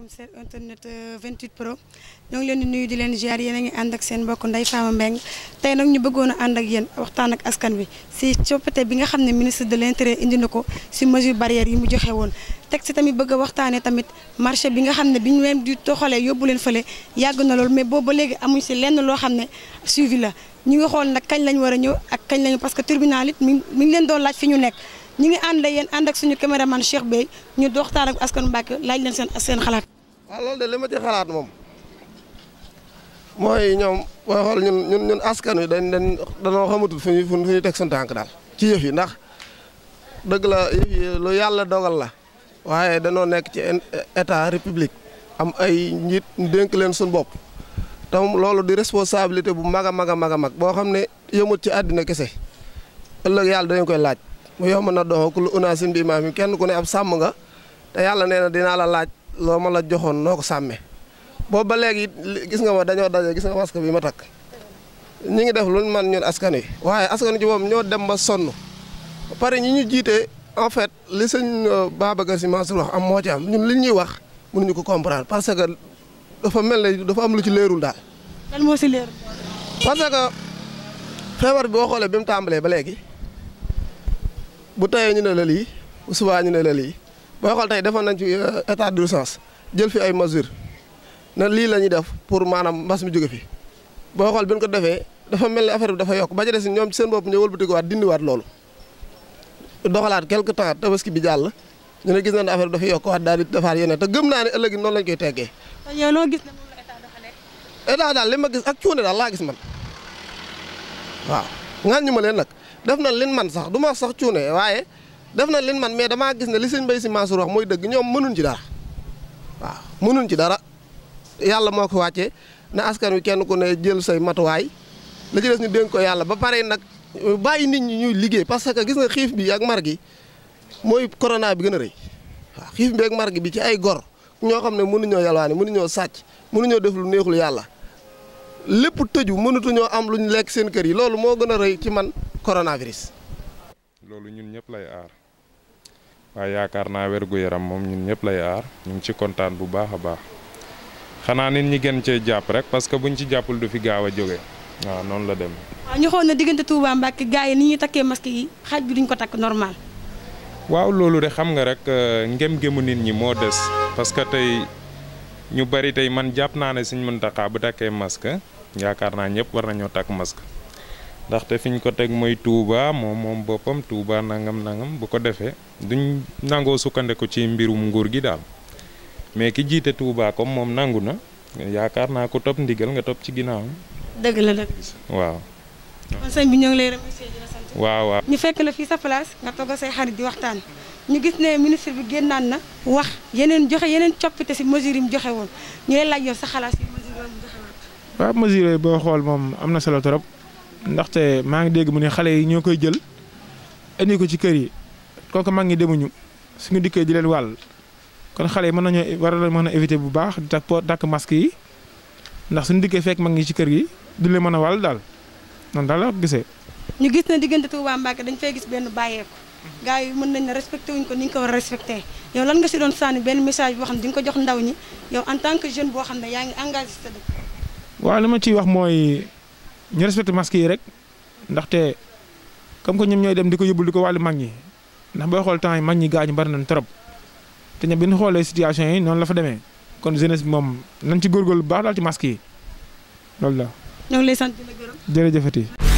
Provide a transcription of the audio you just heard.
maaleykum seen internet 28 euh, pro ñoo leen di di leen ziar yéen a ngi ànd ak seen mbokk Ndeye Fama Mbengue tey nag ñu bëggoon a ànd ak yéen waxtaan ak askan wi si coppite bi nga xam ne ministre de l'intérieur indi na ko si mesure barrière yi mu joxe teg si tamit bëgg a waxtaanee tamit marché bi nga xam ne bi ñu leen di toxalee yóbbu leen fële yàgg na lool mais boobu léegi amuñ si lenn loo xam ne suivi la ñu ngi xool nag kañ lañ war a ñëw ak kañ ñu ngi ànd yéen ànd ak suñu man Cheikh Bey ñu doxtaan ak askan Mbàkke laaj leen seen seen xalaat. waaw loolu de li ma moom mooy ñoom booy askan wi dañ dañ dañoo xamatul fu ñuy fu teg seen tànk daal. ci yëf yi ndax dëgg la yàlla dogal la waaye danoo nekk ci état république am ay njiit dénk leen suñ bopp. tam loolu di responsabilité bu mag a mag a mag a mag boo xam ne yëmut ci àddina kese ëllëg yàlla dañu koy laaj. mu yomb na doxoo ku lu unaasin bi yi kenn ku ne ab sàmm nga te yàlla nee na dinaa la laaj loo ma la joxoon noo ko sàmmee boobu ba léegi gis nga ma dañoo daje gis nga masque bii ma takk ñi ngi def lu man ñun askan wi waaye askan wi moom ñoo dem ba sonn pare ñi ñu jiite en fait li sëñ euh, Babacar Sy wax am moo ci am ñun li ñuy wax mënuñu ko comprendre parce que dafa mel na dafa am lu ci leerul daal. lan moo si parce que feebar bi boo xoolee bi mu tàmbalee ba léegi. bu teyee ñu ne la lii bu subaa ñu ne la lii boo xool tey defoon nañ ci euh, état d'urgence jël fi ay mesures na lii la ñuy def pour maanaam mbas mi jóge fi boo xool bi ko defee dafa mel ni affaire bi dafa yokk ba ci des ñoom ci seen bopp ñu wëlbatikuwaat dindiwaat loolu doxalaat quelque temps tabaski bi jàll ñu ne gis nañ ne affaire bi dafa yokk waat daal di defaat te gëm naan ne ëllëg noonu lañ koy teggee. te yow noo daal li ma gis ak cuune daal laa gis man waaw ŋàññu ma leen nag. def na leen man sax duma ma wax sax cuune waaye def na leen man mais damaa gis ne li sëñ Mbaye si Mansour wax mooy dëgg ñoom mënuñ ci dara waaw mënuñ ci dara yàlla moo ko wàccee na askan wi kenn ko ne jël say matuwaay la ci des ñu dénk ko yàlla ba pare nag bàyyi nit ñi ñuy liggéey parce que gis nga xiif bi ak mar gi mooy corona bi gën a rëy waaw xiif bi ak mar bi ci ay gor ñoo xam ne mënuñoo yalwaani mënuñoo sàcc mënuñoo def lu neexul yàlla lépp tëju mënatuñoo am luñ lekk seen kër yi loolu moo gën a rëy ci man coronavirus. loolu ñun ñëpp lay aar waaye yaakaar naa wergu yaram moom ñun ñëpp lay aar ñu ngi ci kontaan bu baax a baax xanaa nit ñi gën cee jàpp rek parce que buñ ci jàppul du fi gaaw a jóge waaw noonu la dem. waaw ñu xool ne diggante Touba Mbacke gars yi ni ñuy takkee masque yi xaaj bi duñ ko takk normal. waaw loolu de xam nga rek euh, ngém-ngému nit ñi moo des parce que tey ñu bari tey man jàpp naa ne Sëñ Muntaxa bu takkee maska yaakaar naa ñëpp war nañoo takk maska ndaxte fi ñu ko teg mooy Touba moom moom boppam Touba nangam nangam bu ko defee duñ nangoo sukkandiku ci mbirum nguur gi daal mais ki jiite Touba comme moom nangu na yaakaar naa ko topp ndigal nga topp ci ginnaawam. dëgg la dëgg. waaw. sëñ bi ñoo ngi lay waaw waaw. ñu fekk la fii sa place nga toog say xarit di waxtaan. ñu gis ne ministre bi génnaan na wax yeneen joxe yeneen coppite si mesure yi mu joxe woon ñu lay laaj sa xalaat si mesure yi mu joxe boo xool moom am na solo trop. ndaxte maa ngi dégg mu ne xale yi ñoo koy jël indi ko ci kër yi kooku mag ñi demuñu suñu dikkee di leen wàll kon xale yi mën nañoo war a mën a éviter bu baax di takk po takk masque yi ndax suñu dikkee fekk mag ñi ci kër yi du leen mën a wàll daal noonu daal la gisee. ñu gis na diggante Touba Mbacke dañ fay gis benn bàyyeeku. gars yi mën nañ ne ko ni ñu ko war a respecté yow lan nga si doon sànni benn message boo xam ne di nga ko jox ndaw ñi yow en tant que jeune boo xam ne yaa ngi engagé sa dëkk. waaw ma ciy wax mooy ñu respecté masque yi rek ndaxte comme que ñoom ñooy dem di ko yóbbul di ko wàllu mag ñi ndax boo xool temps yi mag ñi gaañu bari nañ trop te ñoom bi ñu xoolee situation yi noonu la fa demee kon jeunesse moom nañ ci góorgóorlu bu baax daal ci masque yi loolu la. ñoo ngi lay sant